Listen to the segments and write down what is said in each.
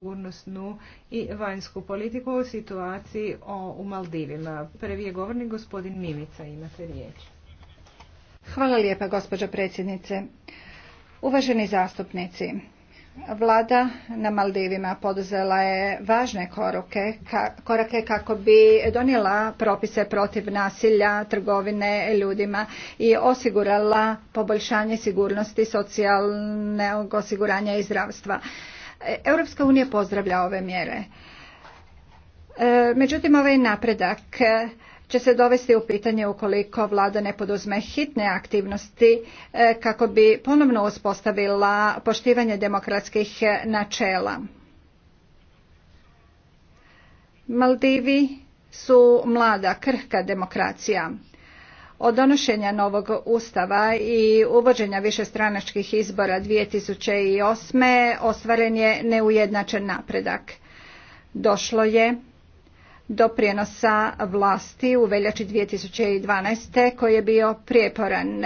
sigurnosnu i vanjsku politiku u situaciji u Maldivima. Prvi je govornik gospodin Mimica, imate riječ. Hvala lijepa gospođo predsjednice. Uvaženi zastupnici, Vlada na Maldivima poduzela je važne korake, korake kako bi donijela propise protiv nasilja, trgovine ljudima i osigurala poboljšanje sigurnosti, socijalnog osiguranja i zdravstva. Europska unija pozdravlja ove mjere. E, međutim, ovaj napredak e, će se dovesti u pitanje ukoliko vlada ne poduzme hitne aktivnosti e, kako bi ponovno uspostavila poštivanje demokratskih načela. Maldivi su mlada, krhka demokracija. Od donošenja novog ustava i uvođenja višestranačkih izbora 2008. ostvaren je neujednačen napredak. Došlo je do prijenosa vlasti u veljači 2012. koji je bio prijeporan.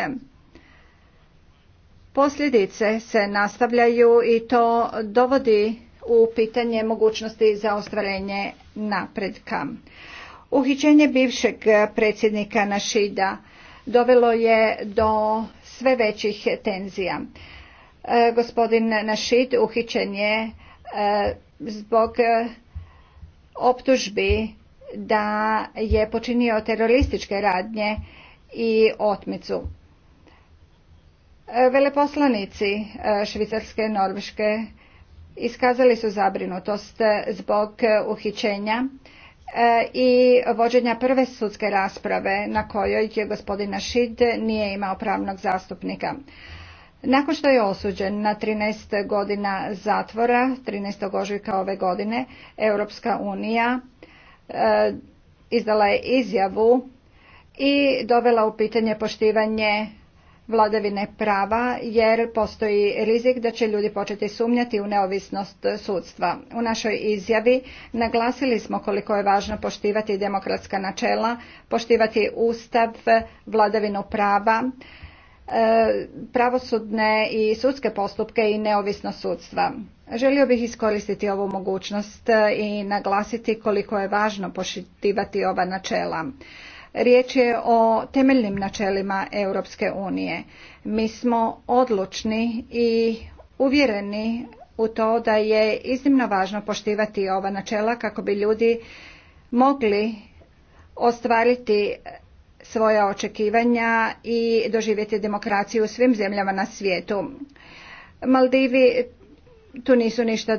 Posljedice se nastavljaju i to dovodi u pitanje mogućnosti za ostvarenje napredka. Uhićenje bivšeg eh, predsjednika Našida dovelo je do sve većih tenzija. Eh, gospodin Našid uhićen je eh, zbog optužbi da je počinio terorističke radnje i otmicu. Veleposlanici Švicarske i Norveške iskazali su zabrinutost zbog uhićenja E, i vođenja prve sudske rasprave na kojoj je gospodina Šid nije imao pravnog zastupnika. Nakon što je osuđen na 13 godina zatvora, 13. ožujka ove godine, Europska unija e, izdala je izjavu i dovela u pitanje poštivanje vladavine prava jer postoji rizik da će ljudi početi sumnjati u neovisnost sudstva. U našoj izjavi naglasili smo koliko je važno poštivati demokratska načela, poštivati ustav, vladavinu prava, e, pravosudne i sudske postupke i neovisno sudstva. Želio bih iskoristiti ovu mogućnost e, i naglasiti koliko je važno poštivati ova načela. Riječ je o temeljnim načelima Europske unije. Mi smo odlučni i uvjereni u to da je iznimno važno poštivati ova načela kako bi ljudi mogli ostvariti svoja očekivanja i doživjeti demokraciju u svim zemljama na svijetu. Maldivi tu nisu ništa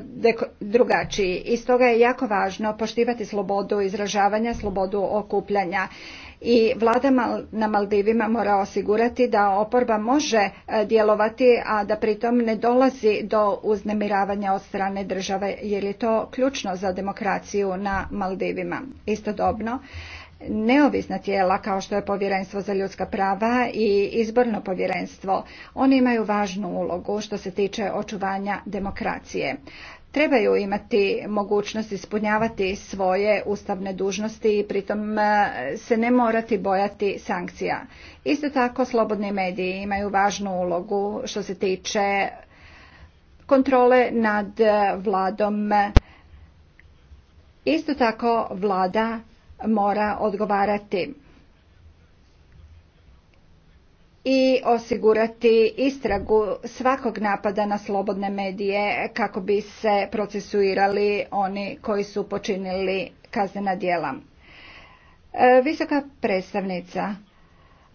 drugačiji i stoga je jako važno poštivati slobodu izražavanja, slobodu okupljanja i vlada na Maldivima mora osigurati da oporba može e, djelovati, a da pritom ne dolazi do uznemiravanja od strane države, jer je to ključno za demokraciju na Maldivima. Istodobno, neovisna tijela kao što je povjerenstvo za ljudska prava i izborno povjerenstvo oni imaju važnu ulogu što se tiče očuvanja demokracije trebaju imati mogućnost ispunjavati svoje ustavne dužnosti i pritom e, se ne morati bojati sankcija. Isto tako slobodni mediji imaju važnu ulogu što se tiče kontrole nad vladom. Isto tako vlada mora odgovarati i osigurati istragu svakog napada na slobodne medije kako bi se procesuirali oni koji su počinili kaznena djela. E, visoka predstavnica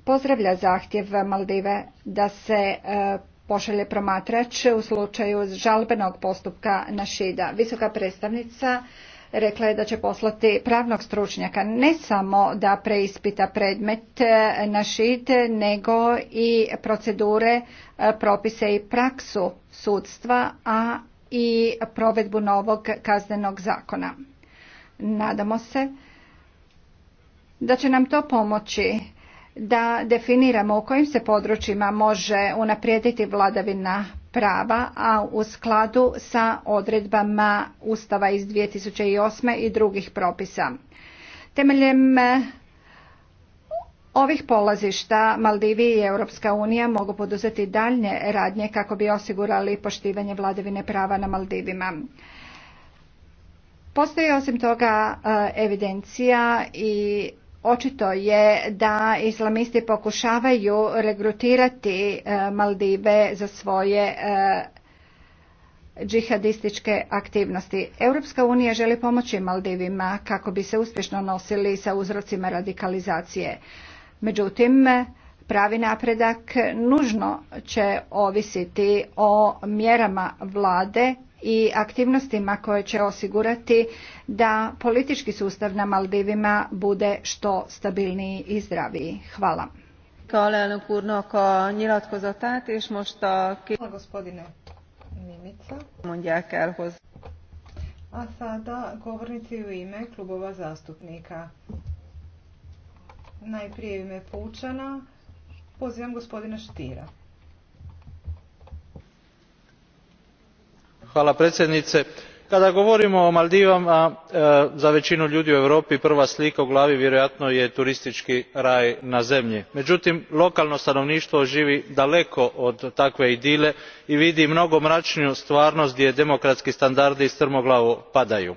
pozdravlja zahtjev Maldive da se e, pošalje promatrač u slučaju žalbenog postupka na Šida. Visoka predstavnica Rekla je da će poslati pravnog stručnjaka, ne samo da preispita predmet e, na šit, nego i procedure, e, propise i praksu sudstva, a i provedbu novog kaznenog zakona. Nadamo se da će nam to pomoći da definiramo u kojim se područjima može unaprijediti vladavina prava, a u skladu sa odredbama Ustava iz 2008. i drugih propisa. Temeljem eh, ovih polazišta Maldivi i Europska unija mogu poduzeti daljnje radnje kako bi osigurali poštivanje vladavine prava na Maldivima. Postoji osim toga eh, evidencija i Očito je da islamisti pokušavaju regrutirati e, Maldive za svoje e, džihadističke aktivnosti. Europska unija želi pomoći Maldivima kako bi se uspješno nosili sa uzrocima radikalizacije. Međutim, pravi napredak nužno će ovisiti o mjerama vlade i aktivnostima koje će osigurati da politički sustav na Maldivima bude što stabilniji i zdraviji. Hvala. Hvala gospodine Mimica. A sada govornici u ime klubova zastupnika. Najprije u ime Pučana pozivam gospodina Štira. Hvala predsjednice kada govorimo o maldivima e, za većinu ljudi u europi prva slika u glavi vjerojatno je turistički raj na zemlji. međutim lokalno stanovništvo živi daleko od takve idile i vidi mnogo mračniju stvarnost gdje demokratski standardi strmoglavo padaju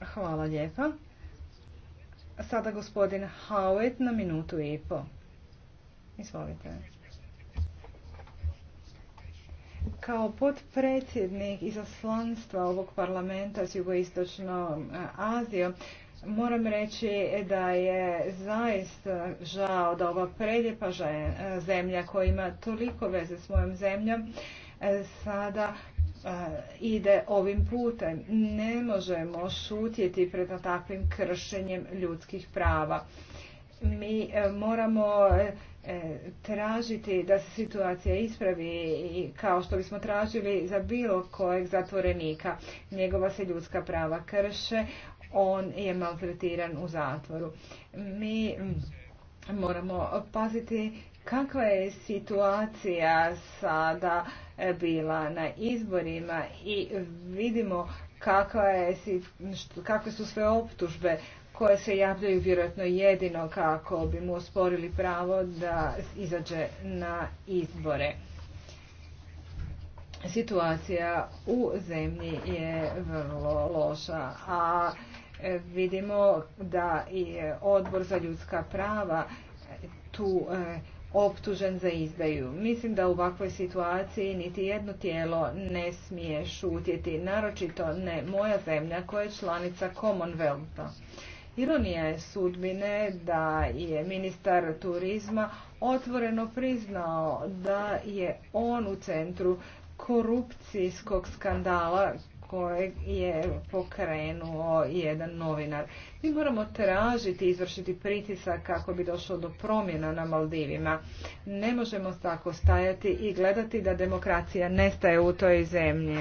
Hvala lijepa. Sada gospodin Howitt na minutu i po. Izvolite. Kao potpredsjednik izaslanstva ovog parlamenta s jugoistočnom e, Azijom, moram reći da je zaista žao da ova preljepa e, zemlja koja ima toliko veze s mojom zemljom, E, sada e, ide ovim putem. Ne možemo šutjeti pred takvim kršenjem ljudskih prava. Mi e, moramo tražiti da se situacija ispravi kao što bismo tražili za bilo kojeg zatvorenika. Njegova se ljudska prava krše, on je maltretiran u zatvoru. Mi moramo paziti kakva je situacija sada E, bila na izborima i vidimo kakve su sve optužbe koje se javljaju vjerojatno jedino kako bi mu osporili pravo da izađe na izbore. Situacija u zemlji je vrlo loša, a e, vidimo da i odbor za ljudska prava tu e, optužen za izdaju. Mislim da u ovakvoj situaciji niti jedno tijelo ne smije šutjeti, naročito ne moja zemlja koja je članica Commonwealtha. Ironija je sudbine da je ministar turizma otvoreno priznao da je on u centru korupcijskog skandala kojeg je pokrenuo jedan novinar. Mi moramo tražiti, izvršiti pritisak kako bi došlo do promjena na Maldivima. Ne možemo tako stajati i gledati da demokracija nestaje u toj zemlji.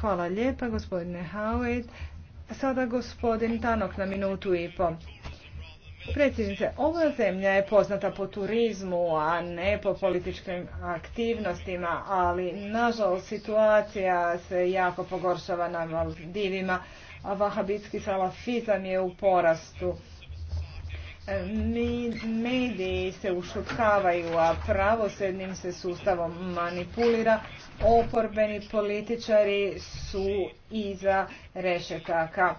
Hvala lijepa gospodine Howitt. Sada gospodin Tanok na minutu i pol. Predsjednice, ova zemlja je poznata po turizmu, a ne po političkim aktivnostima, ali nažalost situacija se jako pogoršava na divima, a vahabitski salafizam je u porastu. E, mediji se ušutkavaju, a pravosrednim se sustavom manipulira. Oporbeni političari su iza rešetaka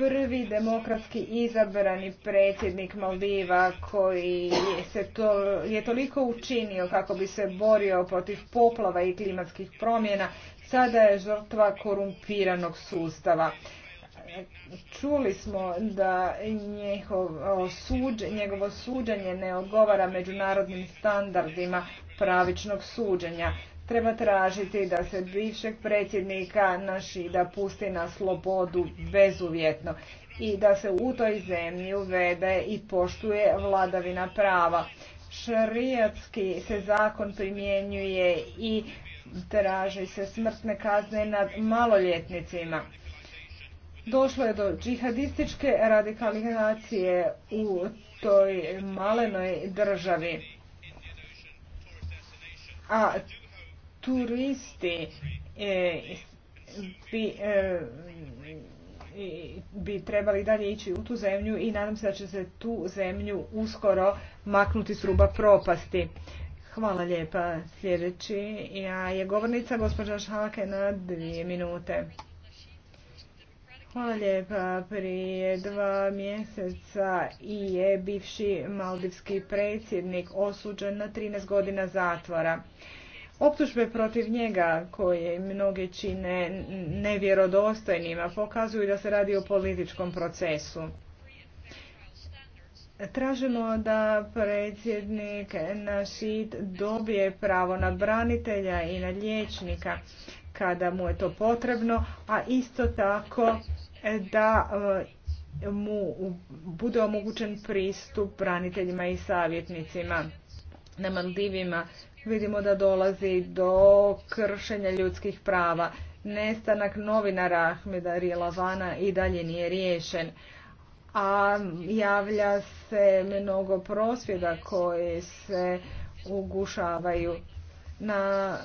prvi demokratski izabrani predsjednik Maldiva koji se to, je toliko učinio kako bi se borio protiv poplava i klimatskih promjena, sada je žrtva korumpiranog sustava. Čuli smo da njegovo suđenje, njegovo suđenje ne odgovara međunarodnim standardima pravičnog suđenja. Treba tražiti da se bivšeg predsjednika naši da pusti na slobodu bezuvjetno i da se u toj zemlji uvede i poštuje vladavina prava. Šarijatski se zakon primjenjuje i traži se smrtne kazne nad maloljetnicima. Došlo je do džihadističke radikalizacije u toj malenoj državi. A turisti e, bi, e, bi trebali dalje ići u tu zemlju i nadam se da će se tu zemlju uskoro maknuti s ruba propasti. Hvala lijepa. Sljedeći ja je govornica gospođa Šalake na dvije minute. Hvala lijepa. Prije dva mjeseca i je bivši maldivski predsjednik osuđen na 13 godina zatvora. Optužbe protiv njega koje mnoge čine nevjerodostojnima pokazuju da se radi o političkom procesu. Tražimo da predsjednik Našid dobije pravo na branitelja i na liječnika kada mu je to potrebno, a isto tako da e, mu bude omogućen pristup braniteljima i savjetnicima na Maldivima. Vidimo da dolazi do kršenja ljudskih prava. Nestanak novinara Ahmeda Rijelavana i dalje nije riješen. A javlja se mnogo prosvjeda koje se ugušavaju. Na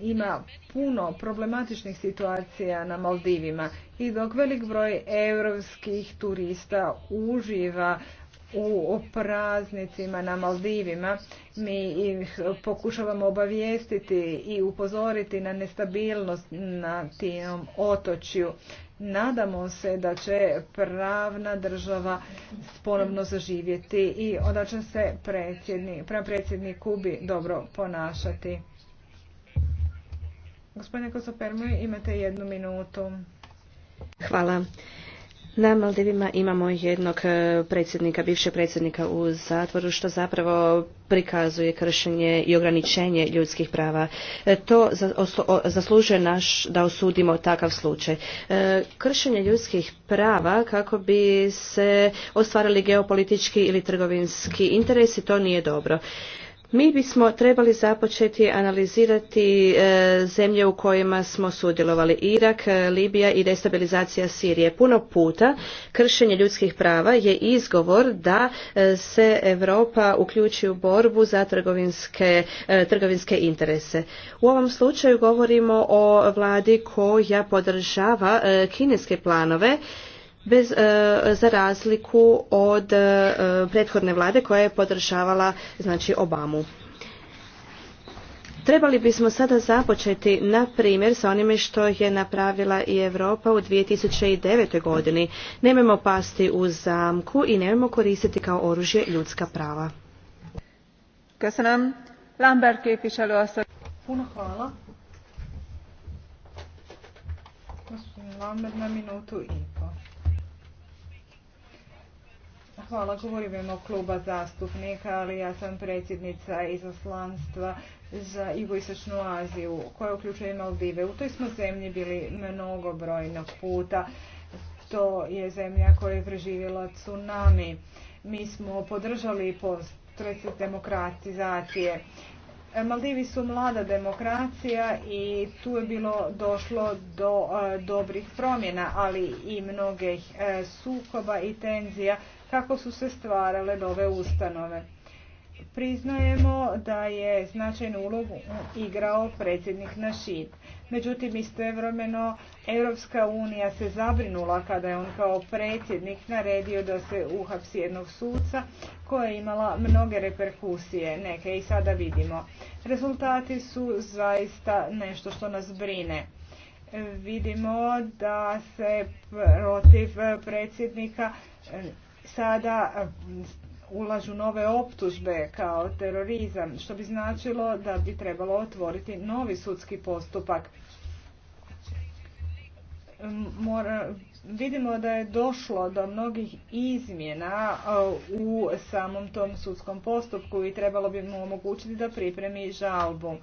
ima puno problematičnih situacija na Maldivima i dok velik broj europskih turista uživa u praznicima na Maldivima. Mi ih pokušavamo obavijestiti i upozoriti na nestabilnost na tim otočju. Nadamo se da će pravna država ponovno zaživjeti i onda će se predsjednik, prema predsjedniku dobro ponašati. Gospodine Kosopermoj, imate jednu minutu. Hvala. Na Maldivima imamo jednog e, predsjednika, bivšeg predsjednika u zatvoru, što zapravo prikazuje kršenje i ograničenje ljudskih prava. E, to zaslužuje naš da osudimo takav slučaj. E, kršenje ljudskih prava kako bi se ostvarili geopolitički ili trgovinski interesi, to nije dobro. Mi bismo trebali započeti analizirati e, zemlje u kojima smo sudjelovali Irak, e, Libija i destabilizacija Sirije. Puno puta kršenje ljudskih prava je izgovor da e, se Europa uključi u borbu za trgovinske, trgovinske interese. U ovom slučaju govorimo o vladi koja podržava kineske planove bez, e, za razliku od e, prethodne vlade koja je podržavala znači Obamu. Trebali bismo sada započeti, na primjer, sa onime što je napravila i Europa u 2009. godini. Nemojmo pasti u zamku i nemojmo koristiti kao oružje ljudska prava. Puno hvala. na minutu i Hvala, govorim imamo kluba zastupnika, ali ja sam predsjednica izaslanstva za jugoistočnu Aziju, koja uključuje Maldive. U toj smo zemlji bili mnogo mnogobrojno puta. To je zemlja koja je preživjela tsunami. Mi smo podržali proces demokratizacije. Maldivi su mlada demokracija i tu je bilo došlo do e, dobrih promjena, ali i mnogih e, sukoba i tenzija kako su se stvarale nove ustanove. Priznajemo da je značajnu ulogu igrao predsjednik šit. Međutim, istovremeno Europska unija se zabrinula kada je on kao predsjednik naredio da se uhapsi jednog suca koja je imala mnoge reperkusije, neke i sada vidimo. Rezultati su zaista nešto što nas brine. Vidimo da se protiv predsjednika sada ulažu nove optužbe kao terorizam, što bi značilo da bi trebalo otvoriti novi sudski postupak. Mora, vidimo da je došlo do mnogih izmjena u samom tom sudskom postupku i trebalo bi mu omogućiti da pripremi žalbu.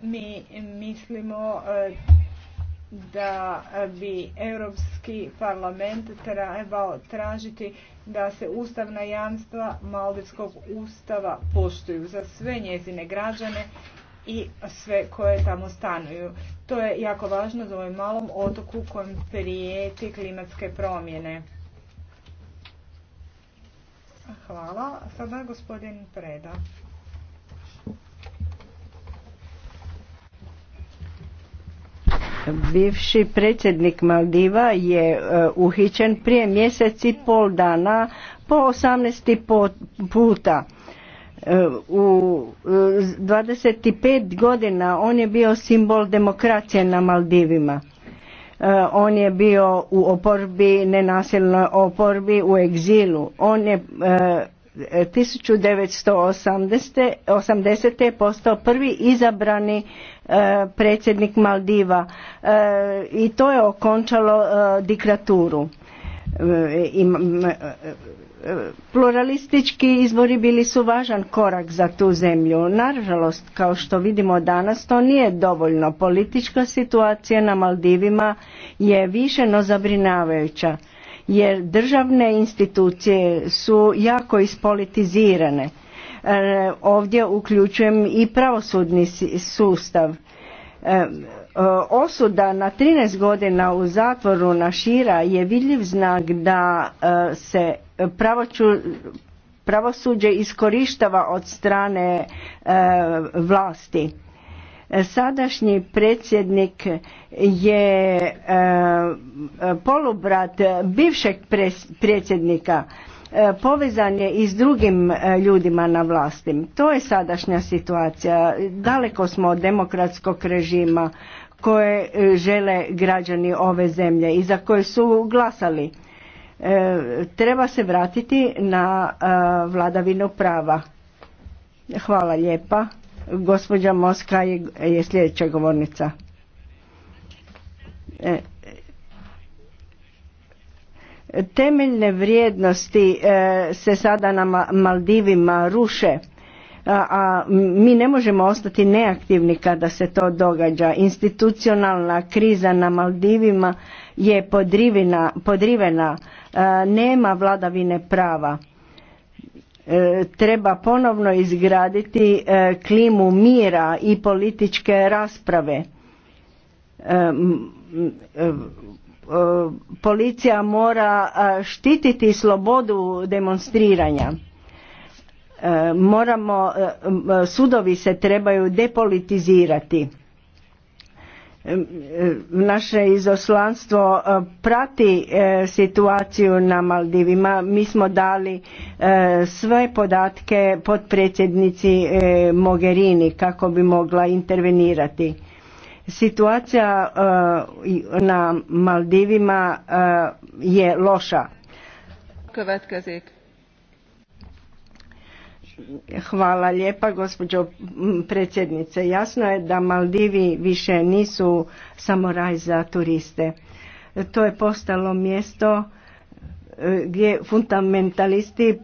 Mi mislimo da bi Europski parlament trebao tražiti da se ustavna jamstva Maldivskog ustava poštuju za sve njezine građane i sve koje tamo stanuju. To je jako važno za ovaj malom otoku kojem prijeti klimatske promjene. Hvala. Sada gospodin Preda. Bivši predsjednik Maldiva je e, uhićen prije mjeseci i pol dana po 18 puta. E, u 25 e, godina on je bio simbol demokracije na Maldivima. On je bio u oporbi, nenasilnoj oporbi, u egzilu. On je 1980. je postao prvi izabrani e, predsjednik Maldiva e, i to je okončalo e, diktaturu. Pluralistički izbori bili su važan korak za tu zemlju. Nažalost, kao što vidimo danas, to nije dovoljno. Politička situacija na Maldivima je više no zabrinavajuća jer državne institucije su jako ispolitizirane. E, ovdje uključujem i pravosudni sustav. E, e, osuda na 13 godina u zatvoru na šira je vidljiv znak da se pravosuđe iskorištava od strane vlasti Sadašnji predsjednik je e, polubrat bivšeg predsjednika e, povezan je i s drugim e, ljudima na vlasti. To je sadašnja situacija. Daleko smo od demokratskog režima koje žele građani ove zemlje i za koje su glasali. Treba se vratiti na vladavinu prava. Hvala lijepa. Gospođa Moska je sljedeća govornica. E, temeljne vrijednosti e, se sada na Maldivima ruše a mi ne možemo ostati neaktivni kada se to događa. Institucionalna kriza na Maldivima je podrivena, podrivena nema vladavine prava. E, treba ponovno izgraditi e, klimu mira i političke rasprave. E, policija mora štititi slobodu demonstriranja. Moramo, sudovi se trebaju depolitizirati naše izoslanstvo e, prati e, situaciju na Maldivima. Mi smo dali e, sve podatke potpredsjednici Mogherini kako bi mogla intervenirati. Situacija na Maldivima je loša. Következik. Hvala lijepa gospođo predsjednice. Jasno je da Maldivi više nisu samo raj za turiste. To je postalo mjesto e, gdje fundamentalisti e,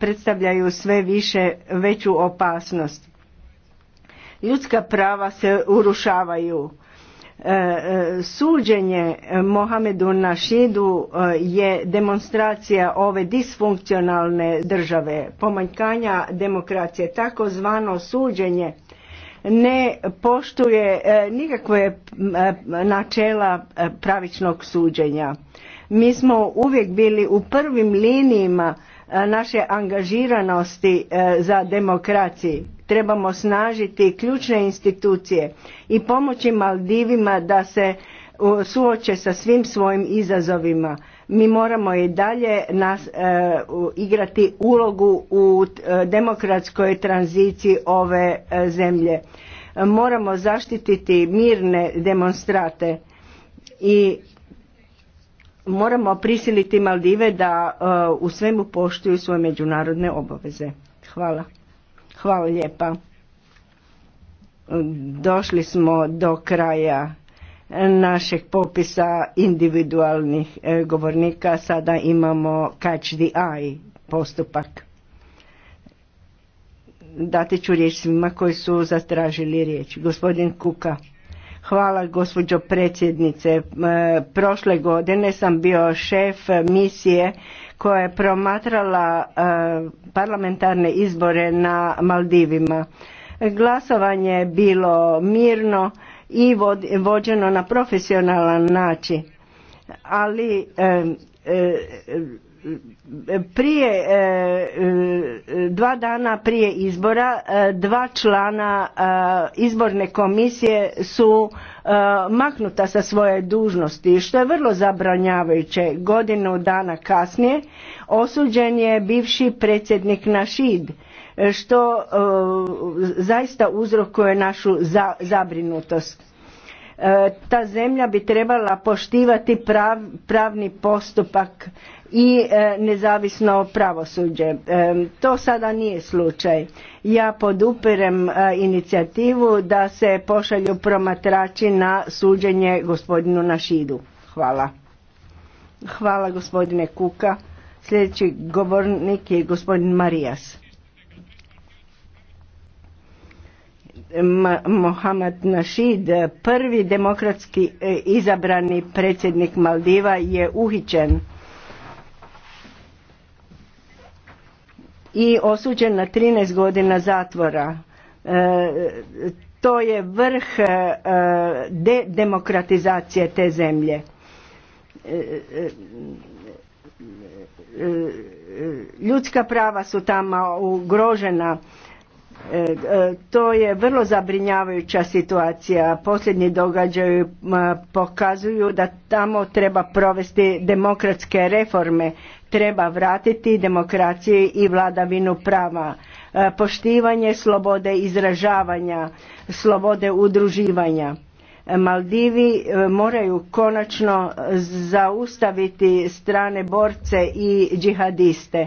predstavljaju sve više veću opasnost. Ljudska prava se urušavaju E, e, suđenje Mohamedu Našidu e, je demonstracija ove disfunkcionalne države, pomanjkanja demokracije, takozvano suđenje ne poštuje nikakve načela pravičnog suđenja. Mi smo uvijek bili u prvim linijima naše angažiranosti za demokraciju trebamo snažiti ključne institucije i pomoći Maldivima da se suoče sa svim svojim izazovima. Mi moramo i dalje nas, e, igrati ulogu u e, demokratskoj tranziciji ove e, zemlje. Moramo zaštititi mirne demonstrate i moramo prisiliti Maldive da u svemu poštuju svoje međunarodne obaveze. Hvala. Hvala lijepa. Došli smo do kraja našeg popisa individualnih e, govornika. Sada imamo catch the eye postupak. Dati ću riječ svima koji su zatražili riječ. Gospodin Kuka. Hvala gospođo predsjednice. E, prošle godine sam bio šef misije koja je promatrala e, parlamentarne izbore na Maldivima. Glasovanje je bilo mirno i vođeno na profesionalan način, ali e, prije e, e, dva dana prije izbora e, dva člana izborne komisije su maknuta sa svoje dužnosti što je vrlo zabranjavajuće godinu dana kasnije osuđen je bivši predsjednik Našid što zaista uzrokuje našu zabrinutost E, ta zemlja bi trebala poštivati pravni postupak i e, nezavisno pravosuđe. E, to sada nije slučaj. Ja podupirem inicijativu da se pošalju promatrači na suđenje gospodinu Našidu. Hvala. Hvala gospodine Kuka. Sljedeći govornik je gospodin Marijas. Mohamed Nasheed, prvi demokratski e, izabrani predsjednik Maldiva je uhićen i osuđen na 13 godina zatvora. E, to je vrh e, de demokratizacije te zemlje ljudska prava su tamo ugrožena E, e, to je vrlo zabrinjavajuća situacija. Posljednji događaji pokazuju da tamo treba provesti demokratske reforme, treba vratiti demokraciju i vladavinu prava, e, poštivanje slobode izražavanja, slobode udruživanja. Maldivi moraju konačno zaustaviti strane borce i džihadiste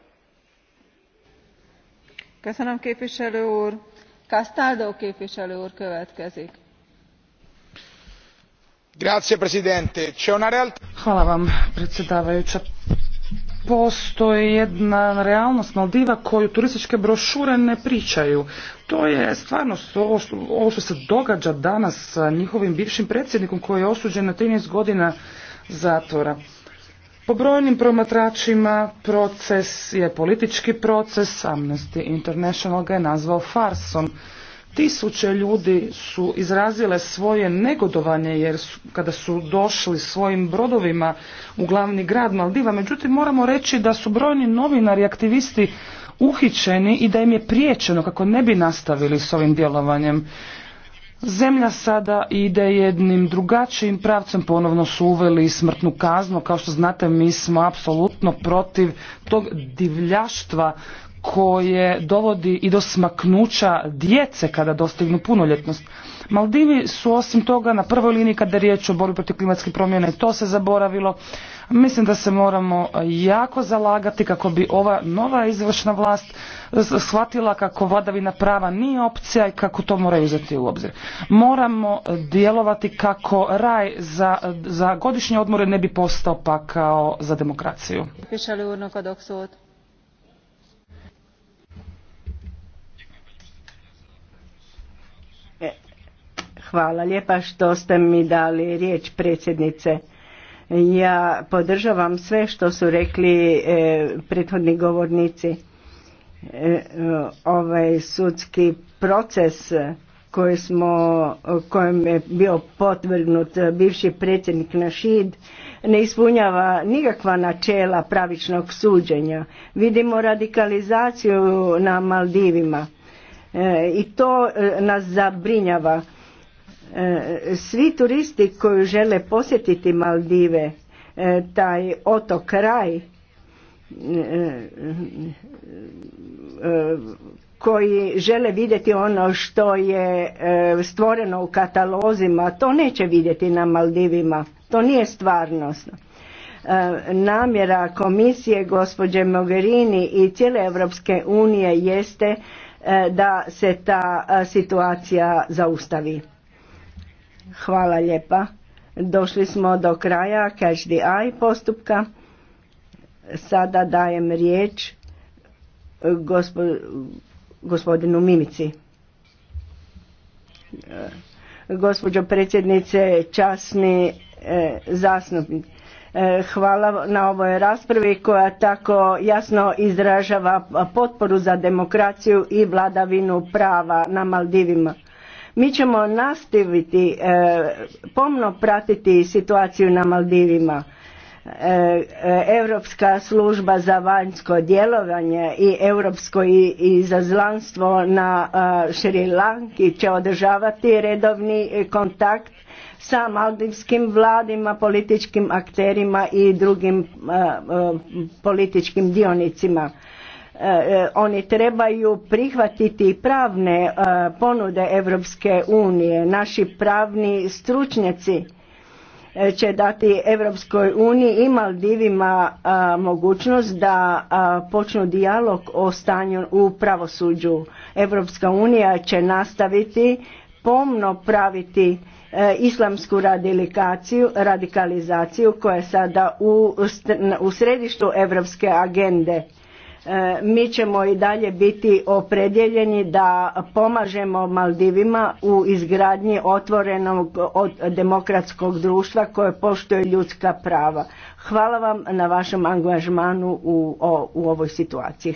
predsjedavajua Hvala vam predsjedavajuća. Postoji jedna realnost Maldiva koju turističke brošure ne pričaju. To je stvarnost ovo što, se događa danas sa njihovim bivšim predsjednikom koji je osuđen na 13 godina zatvora. Po brojnim promatračima proces je politički proces, Amnesty International ga je nazvao farsom. Tisuće ljudi su izrazile svoje negodovanje jer su, kada su došli svojim brodovima u glavni grad Maldiva, međutim moramo reći da su brojni novinari i aktivisti uhićeni i da im je priječeno kako ne bi nastavili s ovim djelovanjem. Zemlja sada ide jednim drugačijim pravcem, ponovno su uveli smrtnu kaznu, kao što znate mi smo apsolutno protiv tog divljaštva koje dovodi i do smaknuća djece kada dostignu punoljetnost. Maldivi su osim toga na prvoj liniji kada je riječ o borbi protiv klimatskih promjena i to se zaboravilo. Mislim da se moramo jako zalagati kako bi ova nova izvršna vlast shvatila kako vladavina prava nije opcija i kako to moraju uzeti u obzir. Moramo djelovati kako raj za, za godišnje odmore ne bi postao pa kao za demokraciju. Hvala lijepa što ste mi dali riječ predsjednice. Ja podržavam sve što su rekli e, prethodni govornici. E, ovaj sudski proces koji smo, kojem je bio potvrgnut bivši predsjednik Našid ne ispunjava nikakva načela pravičnog suđenja. Vidimo radikalizaciju na Maldivima e, i to nas zabrinjava E, svi turisti koji žele posjetiti Maldive, e, taj otok raj e, koji žele vidjeti ono što je stvoreno u katalozima, to neće vidjeti na Maldivima. To nije stvarnost. Namjera komisije gospođe Mogherini i cijele Europske unije jeste da se ta situacija zaustavi. Hvala lijepa. Došli smo do kraja Catch postupka. Sada dajem riječ eh, gospodinu Mimici. Eh, gospođo predsjednice, časni eh, hvala na ovoj raspravi koja tako jasno izražava potporu za demokraciju i vladavinu prava na Maldivima. Mi ćemo nastaviti e, pomno pratiti situaciju na Maldivima. E, e, Europska služba za vanjsko djelovanje i Europsko izazlanstvo na Šrilanki će održavati redovni kontakt sa maldivskim vladima, političkim akterima i drugim političkim dionicima E, e, oni trebaju prihvatiti pravne e, ponude Europske unije. Naši pravni stručnjaci će dati Europskoj uniji i Maldivima mogućnost da počnu dijalog o stanju u pravosuđu. Europska unija će nastaviti pomno praviti islamsku radikalizaciju koja je sada u, u središtu europske agende E, mi ćemo i dalje biti opredjeljeni da pomažemo Maldivima u izgradnji otvorenog demokratskog društva koje poštuje ljudska prava. Hvala vam na vašem angažmanu u, u ovoj situaciji.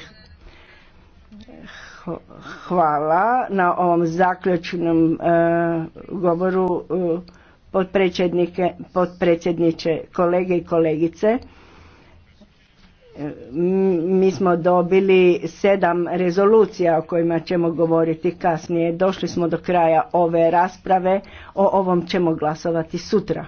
Hvala na ovom zaključnom e, govoru e, potpredsjedniče, kolege i kolegice mi smo dobili sedam rezolucija o kojima ćemo govoriti kasnije. Došli smo do kraja ove rasprave, o ovom ćemo glasovati sutra.